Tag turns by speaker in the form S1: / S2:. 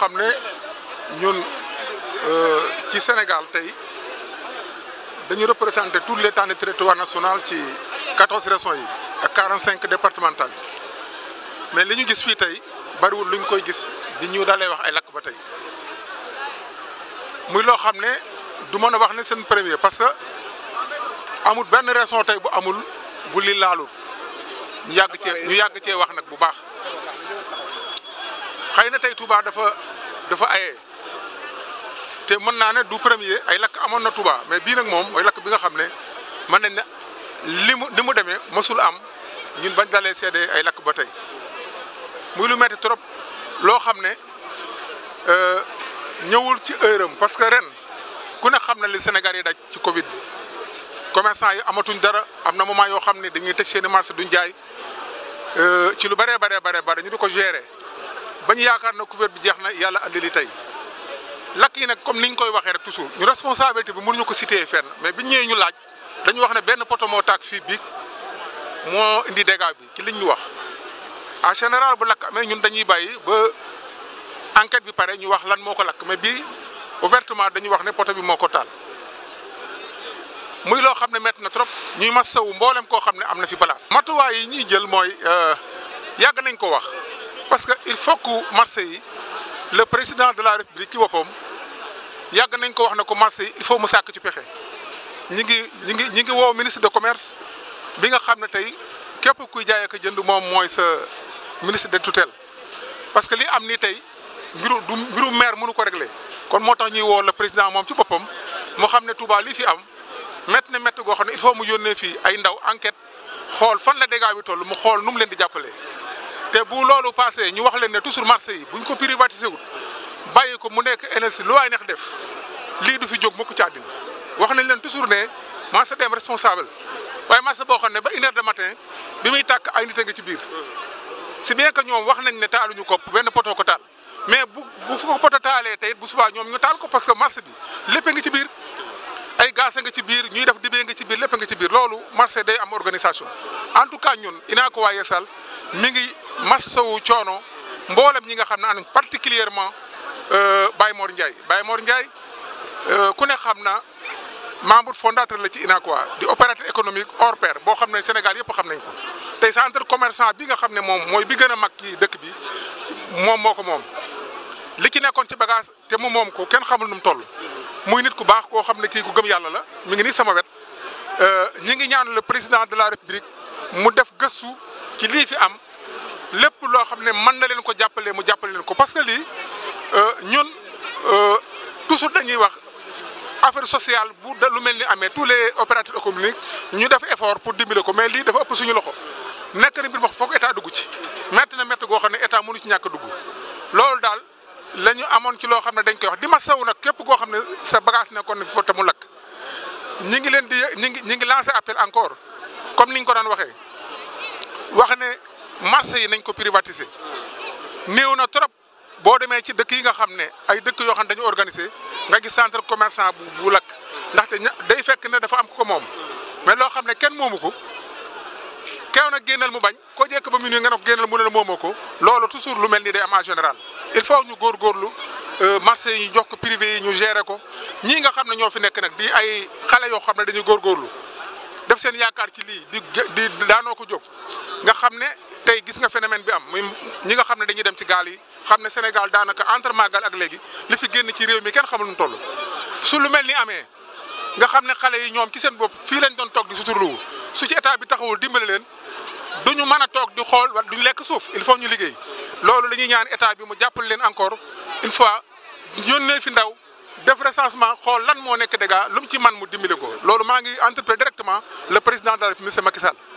S1: xam ne ñun euh, ci Sénégal tey dañu représenter toute l'étendue du territoire national ci 14 régions yi ak 45 départementales mais li ñu gis fii tey bariwul lu ñu koy gis bi ñu dalee wax ay lakk ba tey muy loo xam ne du mën a wax ne seen premier parce que amul benn région tey bu amul bu li laalul ñu yàgg cee ñu yàgg cee wax nag bu baax xëy na tey Touba dafa. dafa aye te mën naa ne du premier ay lakk amoon na Touba mais bii nag moom mooy lakk bi nga xam ne mën nañ ne li mu li mu demee mësul am ñun bañ dalee seede ay lakk ba tey muy lu metti trop loo xam ne euh, ñëwul ci heure parce que ren ku ne xam na li Sénégal yi daj ci Covid bi yi amatuñ dara am na moment yoo xam ne dañuy tëj seen i marché duñ jaay euh, ci lu bëree bare bare bare ñu di ko gérer. ba ñu yaakaar na couvert bi jeex na yàlla andi li tey lakk yi nag comme ni ñu koy waxee rek toujours ñu responsabilité bi mënuñu ko citer fenn mais biñ ñëwee ñu laaj dañu wax ne benn poto moo tàkk fii biig moo indi dégâts bi ci liñ ñu wax en général bu lakk amee ñun dañuy bàyyi ba enquête bi pare ñu wax lan moo ko lakk mais bii ouvertement dañu wax ne poto bi moo ko taal muy loo xam ne mett na trop ñuy masawu mboolem koo xam ne am na fi place. matuwaay yi ñuy jël mooy euh, yàgg nañ ko wax. parce que il faut que marché yi le président de la république ci boppam yàgg nañ ko wax ne ko marché il faut mu sàkk ci pexe ñi ngi ñi ngi ñi ngi woo ministre de commerce bi nga xam ne tey képp kuy jaay jënd moom mooy sa ministre de tutelle parce que li am nii tey mbiru du mbiru maire mënu ko régler kon moo tax ñuy woo le président moom ci boppam moo xam ne Touba lii fi am métti na métti goo xam ne il faut mu yónnee fii ay ndaw enquête xool fan la dégâts bi toll mu xool nu mu leen di jàppalee. te bu loolu passé ñu wax leen ne toujours marché yi buñ ko privatisé bàyyi ko mu nekk énergie lu waay neex def lii du fi jóg mukk ci àddina wax nañ leen toujours ne marché dem responsable waaye marché boo xam ne ba une heure de matin bi muy tàkk ay nit a ngi ci biir si bien que ñoom wax nañ ne taaluñu kopp benn poto ko taal mais bu bu ko poto taalee tey bu subaa ñoom ñu taal ko parce que marché bi lépp nga ci biir ay gaz nga ci biir ñuy def dibee nga ci biir lépp nga ci biir loolu marché day am organisation en tout cas ñun Unacois Yeesal mi ngi. massawu coono mboolem ñi nga xam ne am particulièrement euh, bay moor Ndiaye bay Mor Ndiaye euh, ku ne xam na membre fondateur la ci UNACOIS di opérateur économique hors pair boo xam ne Sénégal yëpp xam nañ ko tey centre commerçant bi nga xam ne moom mooy bi gën a mag kii dëkk bi moom moo ko moom. li ci nekkoon ci bagage te mu moom ko kenn xamul nu mu toll muy nit ku baax koo xam ne kii ku gëm yàlla la mu ngi nii sama wet euh, ñi ngi ñaan le président de la république mu def gëstu ci lii fi am. lépp loo xam ne man na leen ko jàppale mu jàppale leen ko parce que lii euh, ñun euh, toujours dañuy wax affaire sociale bu da mel ni amee tous les opérateurs économiques ñu def effort pour dimbale ko mais lii dafa ëpp suñu loxo nekk na mbir ma foog état ci metti na metti goo xam ne état mënu ci ñàkk dugg loolu daal la ñu amoon ci loo xam ne dañ koy wax di ma saw nag képp koo xam ne sa bagage nekkoon fi te mu lakk ñi ngi leen di ñi ngi ñi ngi lancé appel encore comme ni ñu ko doon waxee wax ne marché yi nañ ko privatiser néew na trop boo demee ci dëkk yi nga xam ne ay dëkk yoo xam ne dañu organiser nga gis centre commerçant bu bu lakk ndaxte ña day fekk ne dafa am ko moom mais loo xam ne kenn moomu ko kenn nag génnal mu bañ koo jekk ba mu ne nga ne ko génnal mu ne moomoo ko loolu toujours lu mel ni day am général il faut ñu góorgóorlu euh, marché yi jox ko privé yi ñu gérer ko ñii nga xam ne ñoo fi nekk nag di ay xale yoo xam ne dañuy góorgóorlu. def seen yaakaar ci lii di di daanoo ko jóg nga xam ne tey gis nga phénomène bi am muy ñi nga xam ne dañuy dem ci gaal yi xam ne Sénégal daanaka entre Magal ak léegi li fi génn ci réew mi kenn xamul nu toll su lu mel ni amee nga xam ne xale yi ñoom ci seen bopp fii lañ doon toog di suturluwu su ci état bi taxawul dimbale leen duñu mën a toog di xool wala duñu lekk suuf il faut ñu liggéey loolu dañuy ñaan état bi mu jàppale leen encore une fois yónnee fi ndaw. def recensement xool lan moo nekk dégâts lu mu ci man mu dimbali ko loolu maa ngi entreprenariat directement le président de la République Macky Sall